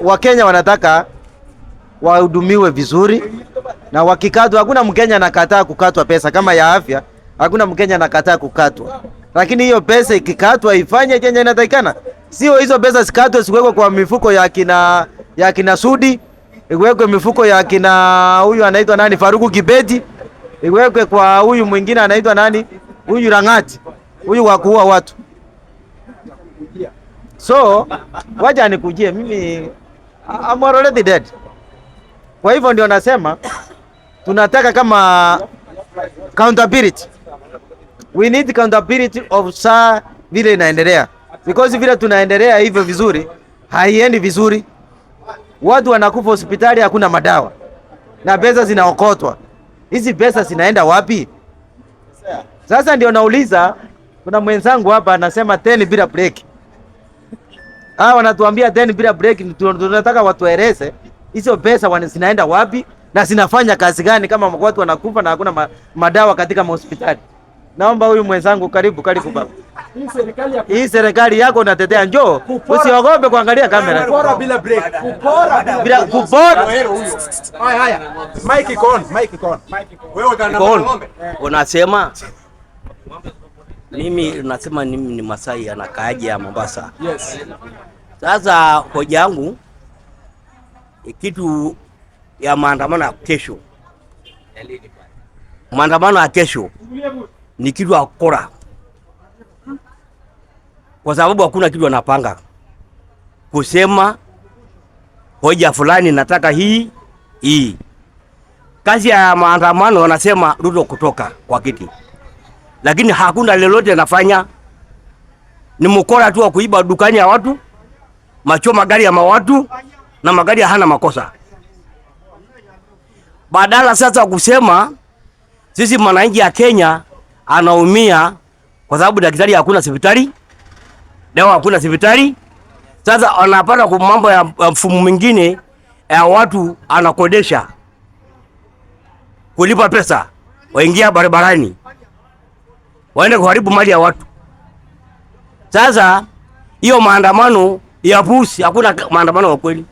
Wakenya wanataka wahudumiwe vizuri na wakikatwa, hakuna Mkenya anakataa kukatwa pesa kama ya afya, hakuna Mkenya anakataa kukatwa, lakini hiyo pesa ikikatwa ifanye chenye inatakikana, sio hizo pesa zikatwe, siwekwe kwa mifuko ya kina ya kina Sudi, iwekwe mifuko ya kina huyu anaitwa nani, Faruku Kibeti, iwekwe kwa huyu mwingine anaitwa nani, huyu Rangati, huyu wa kuua watu. So waja nikujie mimi, I'm already dead. Kwa hivyo ndio nasema tunataka kama accountability, we need accountability of saa vile inaendelea, because vile tunaendelea hivyo vizuri haiendi vizuri, watu wanakufa hospitali, hakuna madawa na pesa zinaokotwa. Hizi pesa zinaenda wapi? Sasa ndio nauliza, kuna mwenzangu hapa anasema teni bila breki hawa wanatuambia then bila break, tunataka watueleze hizo pesa zinaenda wapi na zinafanya kazi gani, kama watu wanakufa na hakuna ma, madawa katika mahospitali. Naomba huyu mwenzangu, karibu karibu baba. Hii serikali yako unatetea, njoo, usiogope kuangalia kamera. Kupora bila break, kupora bila kupora. Haya haya, Mike iko on, Mike iko on, wewe unasema mimi nasema, mimi ni Masai anakaaje ya Mombasa? Yes. Sasa hoja yangu kitu ya maandamano ya kesho, maandamano ya kesho ni kitu ya kora, kwa sababu hakuna kitu wanapanga kusema hoja fulani, nataka hii hii. Kazi ya maandamano wanasema Ruto kutoka kwa kiti, lakini hakuna lolote anafanya, ni mkora tu wa kuiba dukani ya watu macho magari ya mawatu na magari ya hana makosa. Badala sasa kusema sisi mwananchi ya Kenya anaumia kwa sababu daktari hakuna hospitali, dawa hakuna hospitali. Sasa anapata kwa mambo ya mfumo mwingine ya watu, anakodesha kulipa pesa, waingia barabarani, waende kuharibu mali ya watu. Sasa hiyo maandamano ya busi, hakuna maandamano ya kweli.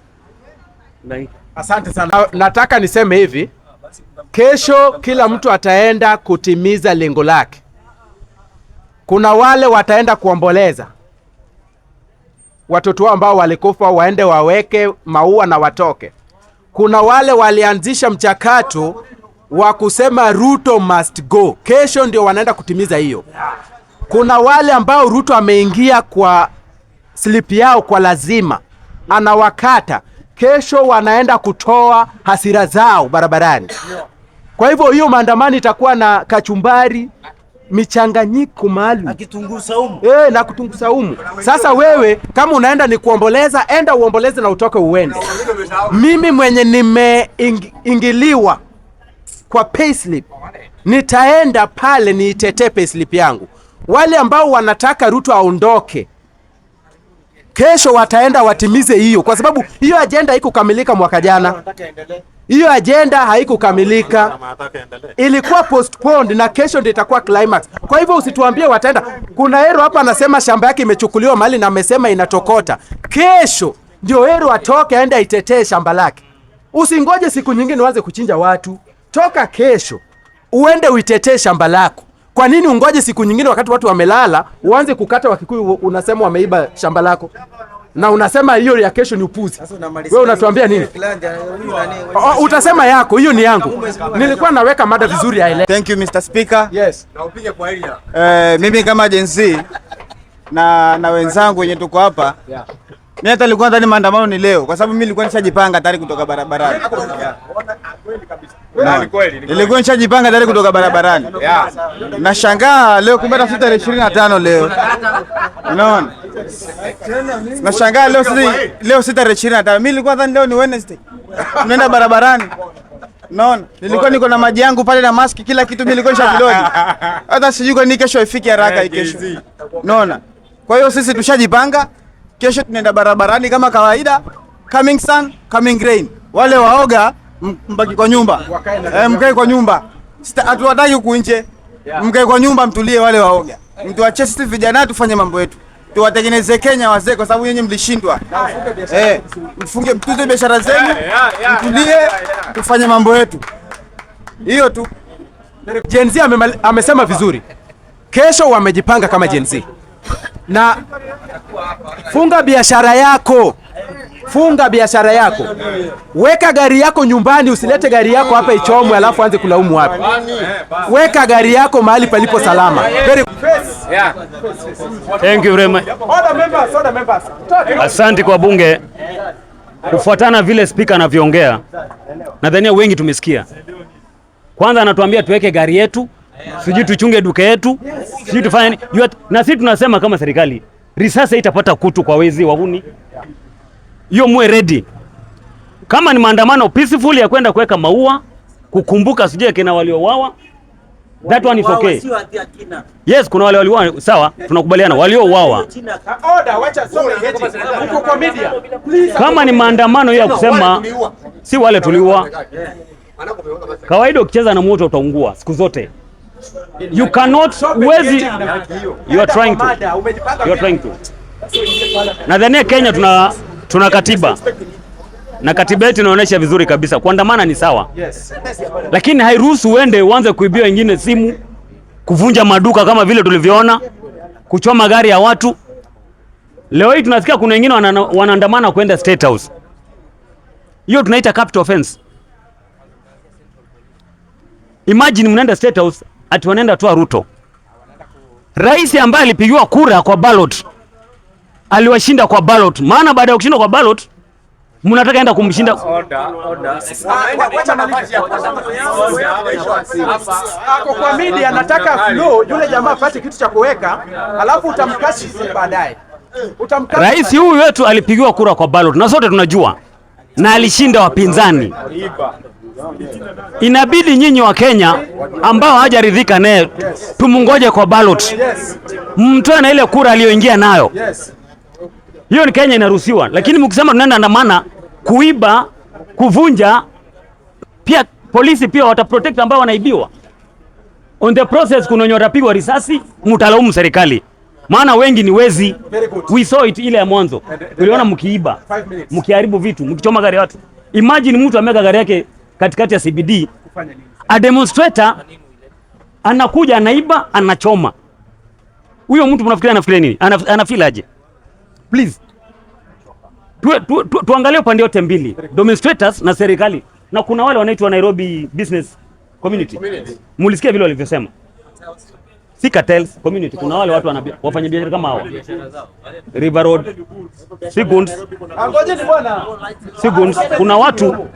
Asante sana. Nataka niseme hivi, kesho kila mtu ataenda kutimiza lengo lake. Kuna wale wataenda kuomboleza watoto wao ambao walikufa, waende waweke maua na watoke. Kuna wale walianzisha mchakato wa kusema Ruto must go, kesho ndio wanaenda kutimiza hiyo. Kuna wale ambao Ruto ameingia kwa slipi yao kwa lazima, anawakata kesho, wanaenda kutoa hasira zao barabarani. Kwa hivyo hiyo maandamano itakuwa na kachumbari michanganyiko maalum na kitunguu E, na kitunguu saumu. Sasa wewe kama unaenda ni kuomboleza, enda uomboleze na utoke uende. Mimi mwenye nimeingiliwa kwa payslip, nitaenda pale niitetee payslip yangu. Wale ambao wanataka Ruto aondoke kesho wataenda watimize hiyo, kwa sababu hiyo ajenda haikukamilika mwaka jana. Hiyo ajenda haikukamilika, ilikuwa postponed na kesho ndio itakuwa climax. Kwa hivyo usituambie wataenda. Kuna Ero hapa anasema shamba yake imechukuliwa mali na amesema inatokota. Kesho ndio Ero atoke aende aitetee shamba lake. Usingoje siku nyingine uanze kuchinja watu. Toka kesho uende uitetee shamba lako. Kwa nini ungoje siku nyingine wakati watu wamelala uanze kukata Wakikuyu unasema wameiba shamba lako? Na unasema hiyo ya kesho ni upuzi. Wewe unatuambia nini? O, utasema yako, hiyo ni yangu. Nilikuwa naweka mada vizuri aelewe. Thank you Mr. Speaker. Yes. Na upige kwa hili. Eh, mimi kama Gen Z na na wenzangu wenye tuko hapa. Yeah. Mimi hata nilikuwa ndani maandamano ni leo kwa sababu mimi nilikuwa nishajipanga tayari kutoka barabarani nilikuwa nishajipanga tayari kutoka barabarani. Nashangaa leo kumbe hata tarehe ishirini na tano leo, unaona. Nashangaa leo sisi leo sita tarehe ishirini na tano mimi nilikuwa nadhani leo ni Wednesday, nenda barabarani Naona nilikuwa niko na maji yangu pale na maski kila kitu mimi nilikuwa nishavilodi. Hata sijui kwa nini kesho ifike haraka kesho. Naona. Kwa hiyo sisi tushajipanga, kesho tunaenda barabarani kama kawaida, coming sun, coming rain. Wale waoga mbaki kwa nyumba eh, mkae kwa nyumba, hatuwataki huku nje, mkae kwa nyumba, mtulie, wale waoga, mtuachie sisi vijana tufanye mambo yetu, tuwatengeneze Kenya wazee, kwa sababu yenye mlishindwa. Eh, mfunge mtuze biashara zenu, mtulie, tufanye mambo yetu, hiyo tu. Gen Z amesema vizuri, kesho wamejipanga kama Gen Z na funga biashara yako Funga biashara yako, weka gari yako nyumbani, usilete gari yako hapa ichomwe, alafu anze kulaumu wapi. Weka gari yako mahali palipo salama. Thank you very much. Asante kwa bunge kufuatana vile spika anavyoongea, nadhania wengi tumesikia. Kwanza anatuambia tuweke gari yetu, sijui tuchunge duka yetu, sijui tufanye na sisi tunasema kama serikali, risasi itapata kutu kwa wezi wahuni hiyo muwe ready. Kama ni maandamano peaceful ya kwenda kuweka maua kukumbuka sijue kina waliouawa that one is okay. Yes, kuna wale waliouawa, sawa, tunakubaliana waliouawa. Kama ni maandamano ya kusema si wale tuliua, kawaida ukicheza na moto utaungua siku zote. You cannot wezi, you are trying to, you are trying to. Nadhania Kenya tuna tuna katiba na katiba yetu inaonyesha vizuri kabisa kuandamana ni sawa Lakini hairuhusu uende uanze kuibia wengine simu, kuvunja maduka kama vile tulivyoona, kuchoma gari ya watu. Leo hii tunasikia kuna wengine wanaandamana kwenda State House. Hiyo tunaita capital offense. Imagine mnaenda State House ati wanaenda Ruto, rais ambaye alipigiwa kura kwa ballot aliwashinda kwa ballot. Maana baada ya kushindwa kwa ballot mnataka enda kumshinda kwa media, anataka flow yule jamaa apate kitu cha kuweka, alafu utamkashifu baadaye. Rais huyu wetu alipigiwa kura kwa ballot na sote tunajua, na alishinda wapinzani. Inabidi nyinyi wa Kenya ambao ridhika naye tumungoje kwa ballot, mtoe na ile kura aliyoingia nayo. Hiyo ni Kenya inaruhusiwa, lakini mkisema tunaenda andamana, kuiba, kuvunja, pia polisi pia wataprotect ambao wanaibiwa. On the process kuna wenye watapigwa risasi, mtalaumu serikali, maana wengi ni wezi. We saw it ile ya mwanzo, tuliona mkiiba, mkiharibu vitu, mkichoma gari watu. Imagine mtu ameweka gari yake katikati ya CBD, a demonstrator anakuja, anaiba, anachoma. Huyo mtu mnafikiria anafikiria nini? anafilaje? Anafila please tu, tu, tu, tu upande wote mbili demonstrators na serikali, na kuna wale wanaitwa Nairobi Business Community, Mulisikia vile walivyosema si cartels community. Kuna wale watu wafanya biashara kama hawa River Road Siguns, ah, Siguns. Kuna watu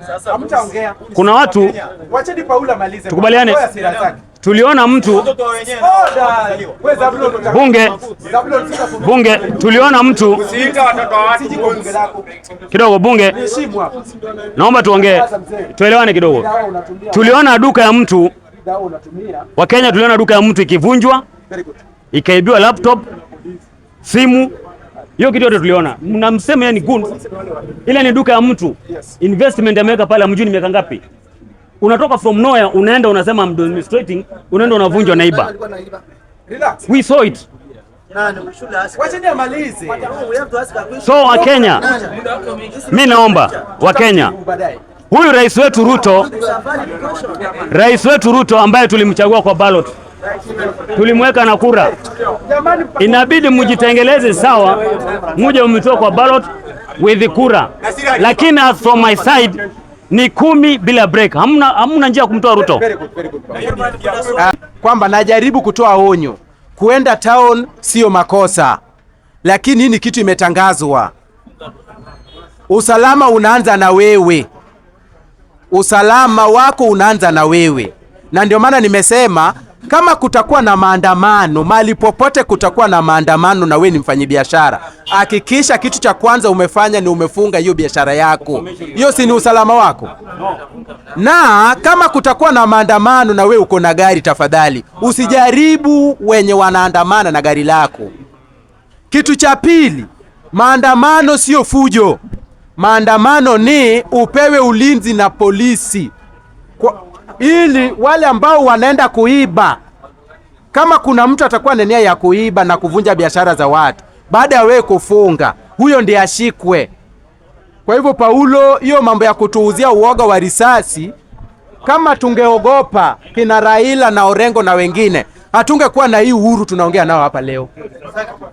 kuna watu tukubaliane tuliona mtu bunge bunge, tuliona mtu kidogo bunge, naomba tuongee, tuelewane kidogo. Tuliona duka ya mtu wa Kenya, tuliona duka ya mtu ikivunjwa, ikaibiwa laptop, simu hiyo kitu yote tuliona, mnamsema ni gun, ile ni duka ya mtu. Investment ameweka pale, mjuni miaka ngapi? unatoka from nowhere unaenda unasema I'm demonstrating, unaenda unavunjwa neighbor. Relax. We saw it. So Wakenya, mi naomba Wakenya, huyu rais wetu Ruto, rais wetu Ruto ambaye tulimchagua kwa ballot, tulimweka na kura, inabidi mujitengeleze sawa, muje umitoa kwa ballot with kura, lakini as from my side ni kumi bila break. Hamna, hamna njia ya kumtoa Ruto, ah, kwamba najaribu kutoa onyo kuenda town sio makosa, lakini hii ni kitu imetangazwa. Usalama unaanza na wewe, usalama wako unaanza na wewe, na ndio maana nimesema kama kutakuwa na maandamano mali popote, kutakuwa na maandamano na we ni mfanyibiashara, hakikisha kitu cha kwanza umefanya ni umefunga hiyo biashara yako. Hiyo si ni usalama wako? Na kama kutakuwa na maandamano na we uko na gari, tafadhali usijaribu wenye wanaandamana na gari lako. Kitu cha pili, maandamano sio fujo. Maandamano ni upewe ulinzi na polisi kwa ili wale ambao wanaenda kuiba, kama kuna mtu atakuwa na nia ya kuiba na kuvunja biashara za watu baada ya wewe kufunga, huyo ndiye ashikwe. Kwa hivyo Paulo, hiyo mambo ya kutuuzia uoga wa risasi, kama tungeogopa kina Raila na Orengo na wengine, hatungekuwa na hii uhuru tunaongea nao hapa leo,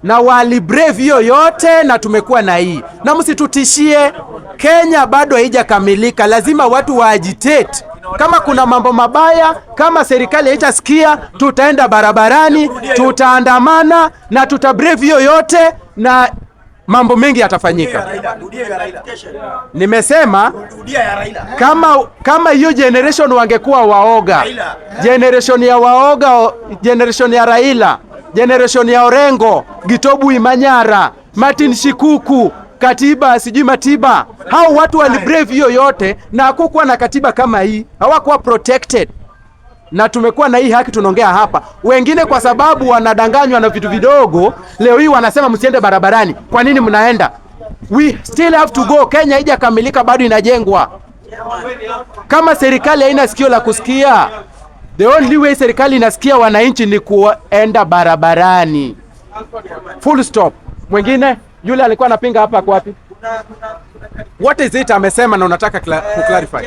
na brave hiyo yote, na tumekuwa na hii. Na msitutishie, Kenya bado haijakamilika, lazima watu waagitate kama kuna mambo mabaya, kama serikali haitasikia, tutaenda barabarani, tutaandamana na tuta brave na mambo mengi yatafanyika. Nimesema kama kama hiyo generation wangekuwa waoga, generation ya waoga, generation ya Raila, generation ya Orengo, Gitobu Imanyara, Martin Shikuku katiba sijui matiba. Hao watu brave hiyo yote, na hakukuwa na katiba kama hii, hawakuwa protected na tumekuwa na hii haki tunaongea hapa. Wengine kwa sababu wanadanganywa na vitu vidogo, leo hii wanasema msiende barabarani. Kwa nini mnaenda? We still have to go. Kenya haijakamilika bado, inajengwa. Kama serikali haina sikio la kusikia, the only way serikali inasikia wananchi ni kuenda barabarani, full stop. Mwingine yule alikuwa anapinga hapa kwa wapi? What is it amesema na unataka eh, ku clarify?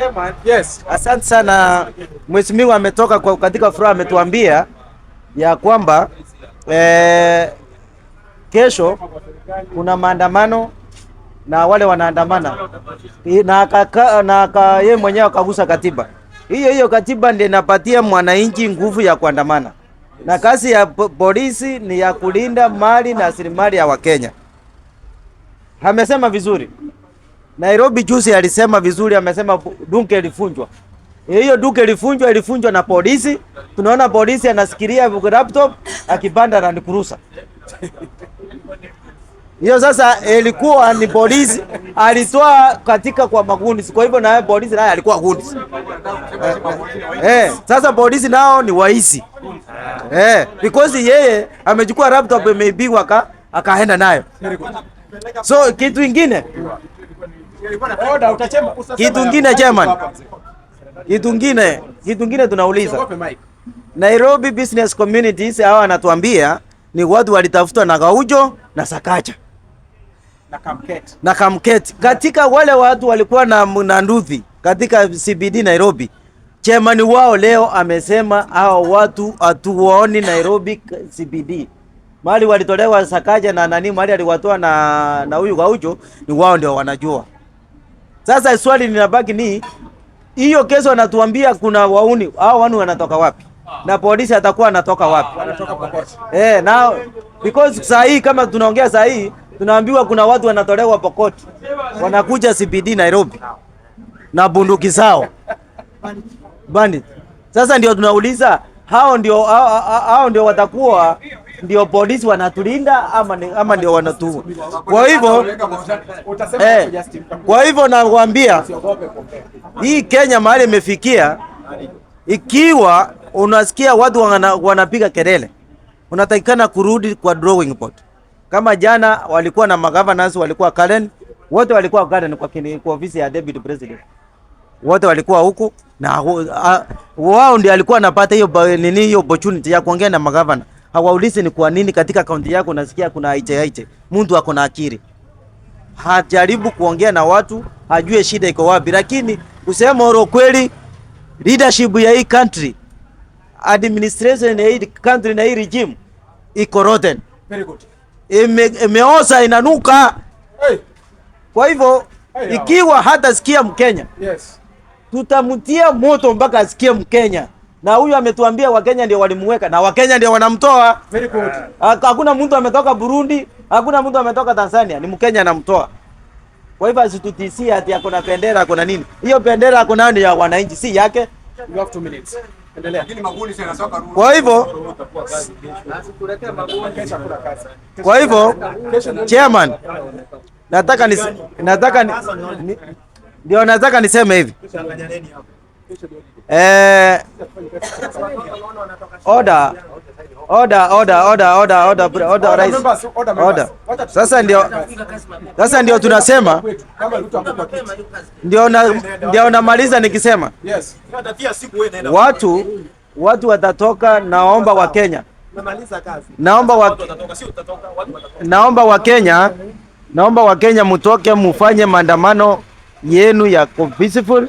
Yes. Asante sana. Mheshimiwa ametoka kwa katika furaha ametuambia ya kwamba eh, kesho kuna maandamano na wale wanaandamana na yeye mwenyewe akagusa katiba hiyo hiyo. Katiba ndiye inapatia mwananchi nguvu ya kuandamana, na kazi ya polisi ni ya kulinda mali na asilimali ya Wakenya amesema vizuri. Nairobi juzi alisema vizuri, amesema duka ilifunjwa. Eh, hiyo duka ilifunjwa, ilifunjwa na polisi. Tunaona polisi anasikilia laptop akibanda na nikurusa hiyo sasa eh, ilikuwa ni polisi alitoa katika kwa magundi, kwa hivyo naye polisi naye alikuwa gundi eh, eh. Sasa polisi nao ni waisi eh, because yeye amechukua laptop imeibiwa ka akaenda nayo. So kitu ingine kitu ingine chairman, kitu ingine kitu ingine tunauliza Nairobi business communities, hawa wanatuambia ni watu walitafutwa na Gaujo na sakacha na Kamketi na Kamketi, katika wale watu walikuwa na, na nduthi katika CBD Nairobi. Chairman wao leo amesema hao watu hatuwaoni Nairobi CBD mali walitolewa Sakaja na nani, mali aliwatoa na na huyu Gaucho, ni wao ndio wanajua. Sasa swali linabaki ni hiyo kesi, wanatuambia kuna wauni hao, wanu wanatoka wapi? Na polisi atakuwa anatoka wapi? Ah, anatoka eh, na because saa hii kama tunaongea saa hii tunaambiwa kuna watu wanatolewa Pokoti, wanakuja CBD Nairobi na bunduki zao bandit. Sasa ndio tunauliza hao ndio, hao ndio watakuwa ndio polisi wanatulinda ama, ama ndio wanatu. Kwa hivyo eh, kwa hivyo nakwambia hii Kenya mahali imefikia, ikiwa unasikia watu wanapiga kelele, unatakikana kurudi kwa drawing board. Kama jana walikuwa na magovernors, walikuwa Karen, wote walikuwa Karen kwa, kini, kwa ofisi ya Deputy President wote walikuwa huku na wao ndio alikuwa anapata hiyo nini hiyo opportunity ya kuongea na magavana hawaulizi ni kwa nini katika kaunti yako unasikia kuna aite aite. Mtu ako na akili hajaribu kuongea na watu, ajue shida iko wapi. Lakini kusema oro kweli, leadership ya hii country, administration ya hii country na hii regime iko rotten, very good, inanuka, hey. Kwa hivyo hey, ikiwa hata sikia Mkenya yes, tutamtia moto mpaka asikie Mkenya na huyu ametuambia Wakenya ndio walimuweka na Wakenya ndio wanamtoa. Hakuna mtu ametoka Burundi, hakuna mtu ametoka Tanzania, ni Mkenya anamtoa. Kwa hivyo asitutisie ati ako na bendera ako nini. Hiyo bendera ako nayo ni ya wananchi, si yake. You have two minutes. Kwa hivyo kwa hivyo chairman, nataka ni nataka ni ndio nataka niseme hivi Eh, order order order order order order order rais order. Sasa ndio sasa ndio tunasema ndio na ndio namaliza nikisema yes. watu watu watatoka, naomba wa Kenya naomba wa naomba wa Kenya naomba wa Kenya mutoke mufanye maandamano yenu ya peaceful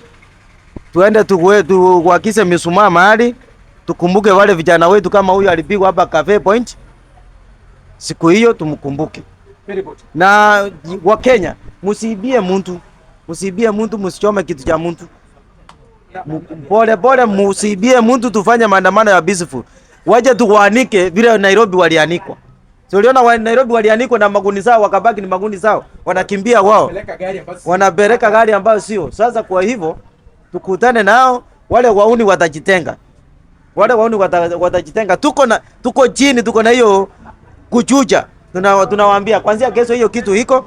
tuende tukuakise mishumaa mahali, tukumbuke wale vijana wetu, kama huyu alipigwa hapa Cafe Point siku hiyo, tumkumbuke. Na wa Kenya msibie mtu, msibie mtu, msichome kitu cha mtu. pole pole, msibie mtu, Tufanye maandamano ya peaceful, waje tuwaanike vile Nairobi walianikwa. So uliona wa Nairobi walianikwa na maguni zao wakabaki ni maguni zao, wanakimbia wao, wanapeleka gari ambayo sio. Sasa kwa hivyo tukutane nao, wale wauni watajitenga, wale wauni watajitenga. Tuko na tuko chini, tuko na hiyo kuchuja, tunawaambia kwanza, kesho hiyo kitu iko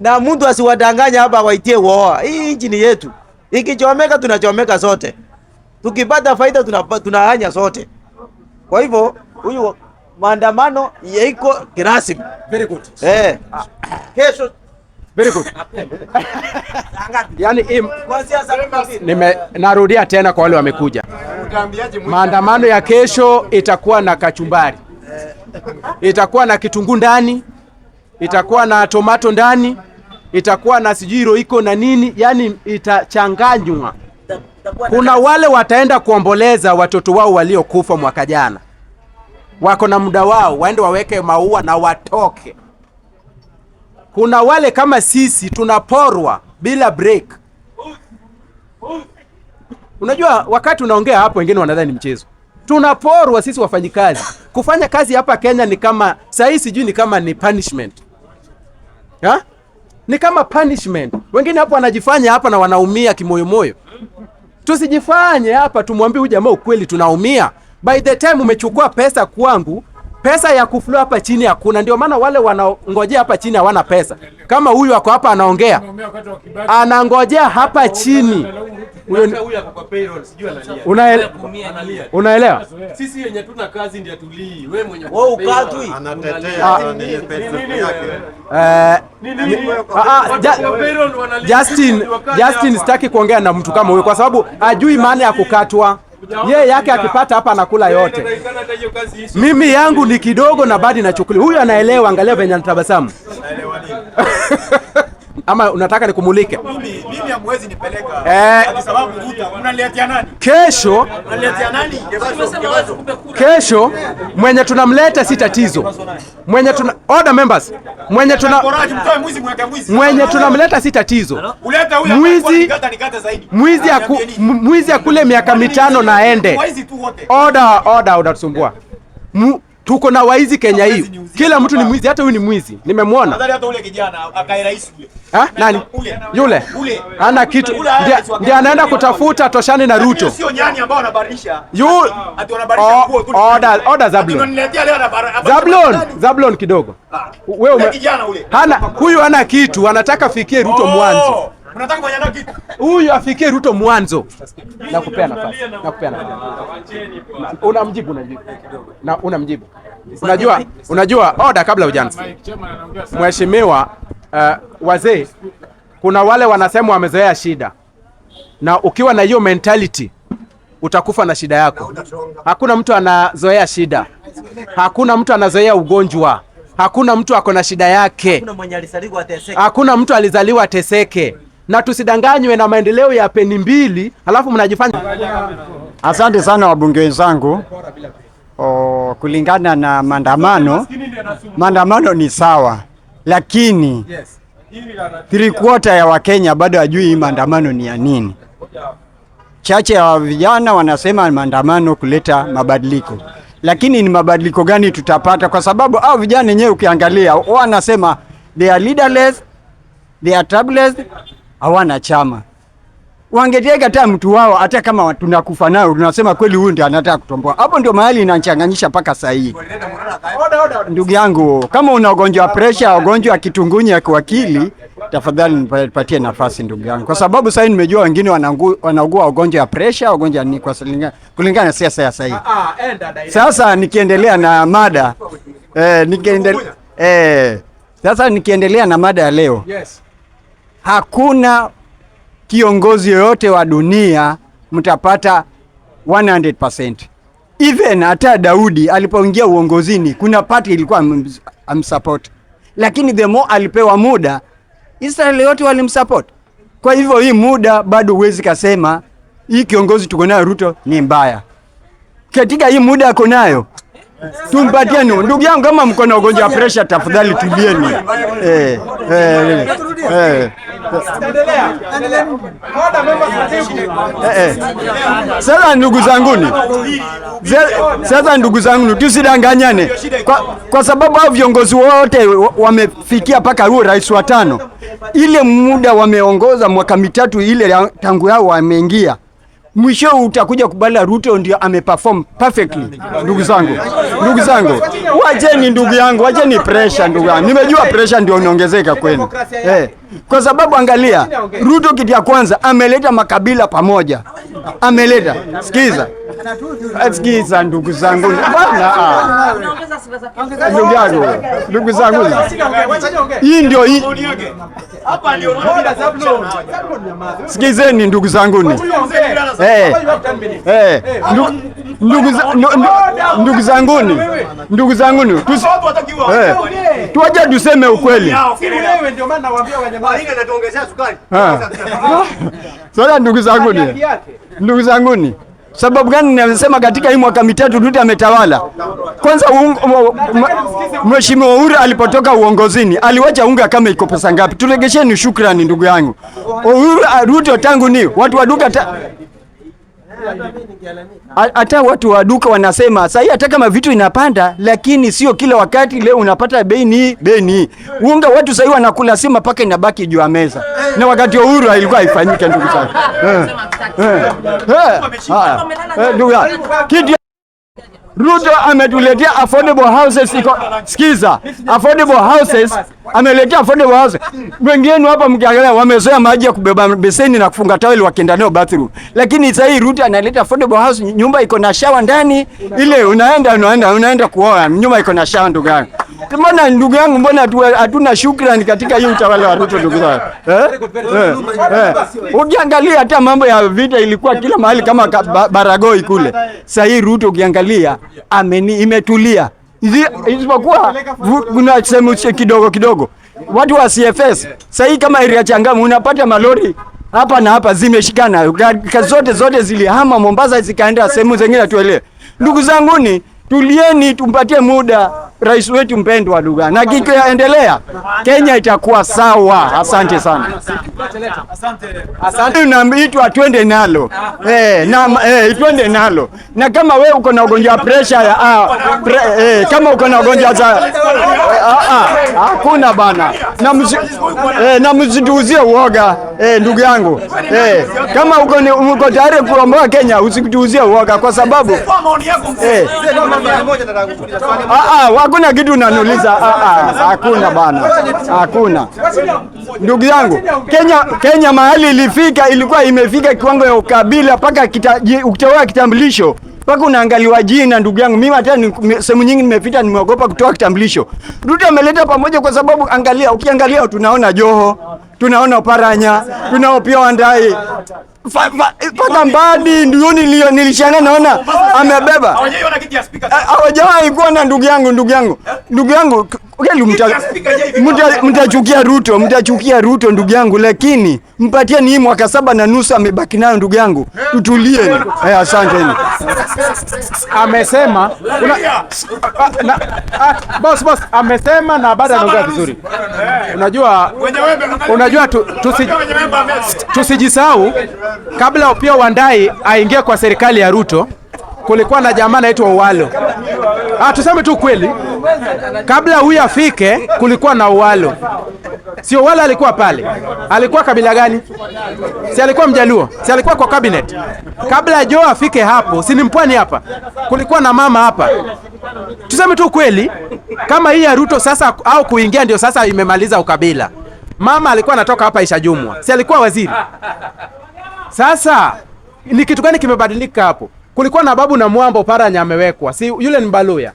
na mtu asiwadanganya hapa, waitie woa. Hii injini yetu, ikichomeka tunachomeka sote, tukipata faida tunahanya sote. Kwa hivyo huyu maandamano yaiko kirasmi. Very good. Eh, kesho Very good. Yani, im, nime, narudia tena kwa wale wamekuja. Maandamano ya kesho itakuwa na kachumbari, itakuwa na kitunguu ndani, itakuwa na tomato ndani, itakuwa na sijui roiko na nini, yani itachanganywa. Kuna wale wataenda kuomboleza watoto wao waliokufa mwaka jana, wako na muda wao, waende waweke maua na watoke kuna wale kama sisi tunaporwa bila break. Unajua, wakati unaongea hapo, wengine wanadhani ni mchezo. Tunaporwa sisi wafanyikazi. Kufanya kazi hapa Kenya ni kama sahii, sijui ni kama ni punishment ha? Ni kama punishment. Wengine hapo wanajifanya hapa na wanaumia kimoyomoyo. Tusijifanye hapa, tumwambie huyu jamaa ukweli, tunaumia. By the time umechukua pesa kwangu pesa ya kuflow hapa chini hakuna. Ndio maana wale wanaongojea hapa chini hawana pesa. Kama huyu ako hapa anaongea, anangojea hapa chini. Unaelewa? Sisi wenye tuna kazi ndio tulii. Wewe mwenye ukatwi ah, eh, anatetea ah, ah, Justin, Justin sitaki kuongea na mtu kama huyo kwa sababu ajui maana ya kukatwa ye yake akipata hapa anakula yote, mimi yangu ni kidogo na na chukuli Huyu anaelewa, angalia venye anatabasamu ama unataka nikumulike? Mimi mimi hamwezi nipeleka. Eh, kwa Kesho Kesho mwenye tunamleta si tatizo. Mwenye tuna order members. Mwenye tuna mwenye tunamleta si tatizo. Mwizi mwizi aku mwizi akule miaka mitano na ende. Order, order, unatusumbua. Tuko na waizi Kenya hii. Kila mtu ni mwizi, hata huyu ni mwizi. Nimemwona. Hata ule kijana akae rais yule. Ah, nani? Yule. Ana kitu. Ndiye anaenda kutafuta toshani na Ruto. Sio nyani ambao Ati nguo tu. Order, order Zablon. leo Zablon, kidogo. Ah. Wewe Hana, huyu hana kitu, anataka fikie Ruto oh. mwanzo. Huyu afikie Ruto mwanzo. Nakupea nafasi, nakupea nafasi. Unamjibu, na unamjibu. Unajua, unajua oda, kabla hujaanza mheshimiwa, uh, wazee, kuna wale wanasema wamezoea shida, na ukiwa na hiyo mentality utakufa na shida yako. Hakuna mtu anazoea shida, hakuna mtu anazoea ugonjwa Hakuna mtu ako na shida yake. Hakuna mtu alizaliwa ateseke na tusidanganywe na maendeleo ya peni mbili, alafu mnajifanya. Asante sana wabunge wenzangu. kulingana na maandamano, maandamano ni sawa, lakini three quarter ya Wakenya bado hajui hii maandamano ni ya nini. Chache ya vijana wanasema maandamano kuleta mabadiliko, lakini ni mabadiliko gani tutapata? Kwa sababu au vijana wenyewe ukiangalia wanasema they are leaderless, they are troubled hawana chama. wangetega hata mtu wao, hata kama tunakufa nao, tunasema kweli, huyu ndiye anataka kutomboa. Hapo ndio mahali inachanganyisha mpaka saa hii. Ndugu yangu, kama una ugonjwa wa presha, ugonjwa wa kitungunya kwa akili, tafadhali nipatie nafasi ndugu yangu, kwa sababu sasa nimejua wengine wanaugua ugonjwa wa presha, ugonjwa ni kwa kulingana na siasa ya sasa. Ah, ah, sasa nikiendelea na mada eh, nikiendelea eh, sasa nikiendelea na mada ya leo yes hakuna kiongozi yoyote wa dunia mtapata 100%. Even hata Daudi alipoingia uongozini kuna party ilikuwa amsupport, lakini the more alipewa muda Israeli yote walimsupport. Kwa hivyo hii muda bado huwezi kasema hii kiongozi tuko nayo Ruto ni mbaya. Katika hii muda ako nayo Tumpatieni ndugu yangu, kama mko na ugonjwa wa presha, tafadhali tulieni. Eh eh eh, eh, eh, eh. Sasa ndugu zanguni, sasa ndugu zanguni, tusidanganyane kwa, kwa sababu hao viongozi wote wamefikia mpaka huo rais wa tano, ile muda wameongoza mwaka mitatu ile tangu yao wameingia mwisho utakuja kubala Ruto ndio ameperform perfectly. Ndugu zangu, ndugu zangu, wacheni ndugu yangu, wacheni pressure ndugu yangu, nimejua pressure ndio inaongezeka kwenu eh, kwa sababu angalia, Ruto kitu ya kwanza ameleta makabila pamoja, ameleta sikiza Sikiza ndugu zangu, ndugu zangu, hii ndio sikizeni, ndugu zangu, eh. Eh. ndugu ni. ndugu zanguni, Tuaje eh. tuseme ukweli. Sasa ndugu ni. ndugu zanguni Sababu gani nasema katika hii mwaka mitatu Dude ametawala? Kwanza Mheshimiwa Uhuru alipotoka uongozini aliwacha unga kama iko pesa ngapi? Turegesheni shukrani, ndugu yangu. Uhuru Ruto tangu ni watu wa duka ta hata watu wa duka wanasema sahii, hata kama vitu inapanda, lakini sio kila wakati. Leo unapata bei ni bei ni unga, watu sahii wanakula sima mpaka inabaki juu ya meza, na wakati wa uhuru ilikuwa haifanyike, ndugu zangu. Eh. Ruto ametuletea affordable houses. Sikiza, affordable houses ameletea fode Bohasa. Wengine hapa mkiangalia wamezoea maji ya kubeba beseni na kufunga taweli wakienda nayo bathroom. Lakini sasa hii route analeta fode Bohasa, nyumba iko na shawa ndani. Ile unaenda unaenda unaenda kuoa, nyumba iko na shawa ndugu yangu. Mbona ndugu yangu, mbona hatuna shukrani katika hii utawala wa Ruto ndugu zangu? Eh? eh? Eh. Ukiangalia hata mambo ya vita ilikuwa kila mahali kama baragoi kule. Sasa hii Ruto ukiangalia ameni imetulia isipokuwa kuna sehemu kidogo kidogo, watu wa CFS sahii kama area Changamwe unapata malori hapa na hapa zimeshikana zote zote zilihama Mombasa zikaenda sehemu zingine. Tuelewe ndugu zanguni, tulieni, tumpatie muda rais wetu mpendwa lugha na kikiendelea, Kenya itakuwa sawa. Asante sana, asante. Naitwa twende nalo ah. eh, na eh, twende nalo na kama we uko na ugonjwa pressure ya ah, pre, eh, kama uko na ugonjwa za hakuna ah, ah, ah bana na mzi, eh, na msituuzie uoga eh, ndugu yangu eh, kama uko uko tayari kuomboa Kenya usituuzie uoga kwa sababu eh, ah, ah, hakuna kitu unaniuliza. Ah, ah, hakuna bana, hakuna ndugu yangu. Kenya, Kenya mahali ilifika ilikuwa imefika kiwango ya ukabila mpaka ukitoa kitambulisho mpaka unaangaliwa jina, ndugu yangu. Mimi hata sehemu nyingi nimepita, nimeogopa kutoa kitambulisho. Ruto ameleta pamoja, kwa sababu angalia, ukiangalia tunaona Joho, tunaona Paranya, tunao pia Wandai. Pata eh, mbadi ndio nilishanga naona amebeba. Eh, hawajawahi kuwa na ndugu yangu, ndugu yangu, eh? ndugu yangu, mtachukia Ruto, mtachukia Ruto ndugu yangu, lakini mpatie ni mwaka saba na nusu amebaki nayo ndugu yangu, tutulie. Asanteni. Amesema ah, ah, boss, boss amesema na baada anaongea vizuri. Unajua, unajua tusijisahau Kabla Opiyo Wandayi aingie kwa serikali ya Ruto, kulikuwa na jamaa anaitwa Owalo. Ah, tuseme tu kweli, kabla huyu afike kulikuwa na Owalo. Si Owalo alikuwa pale, alikuwa kabila gani? Si alikuwa Mjaluo? Si alikuwa kwa cabinet? Kabla Joe afike hapo, si ni mpwani hapa, kulikuwa na mama hapa. Tuseme tu kweli, kama hii ya Ruto sasa au kuingia ndio sasa imemaliza ukabila. Mama alikuwa anatoka hapa Ishajumwa, si alikuwa waziri? Sasa ni kitu gani kimebadilika hapo? Kulikuwa na babu na mwamba paranya amewekwa, si yule ni Mbaluya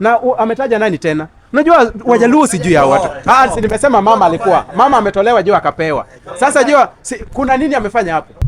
na u, ametaja nani tena? Unajua Wajaluo juu ya watu. Ah, si nimesema mama alikuwa mama ametolewa juu akapewa. Sasa jua si, kuna nini amefanya hapo?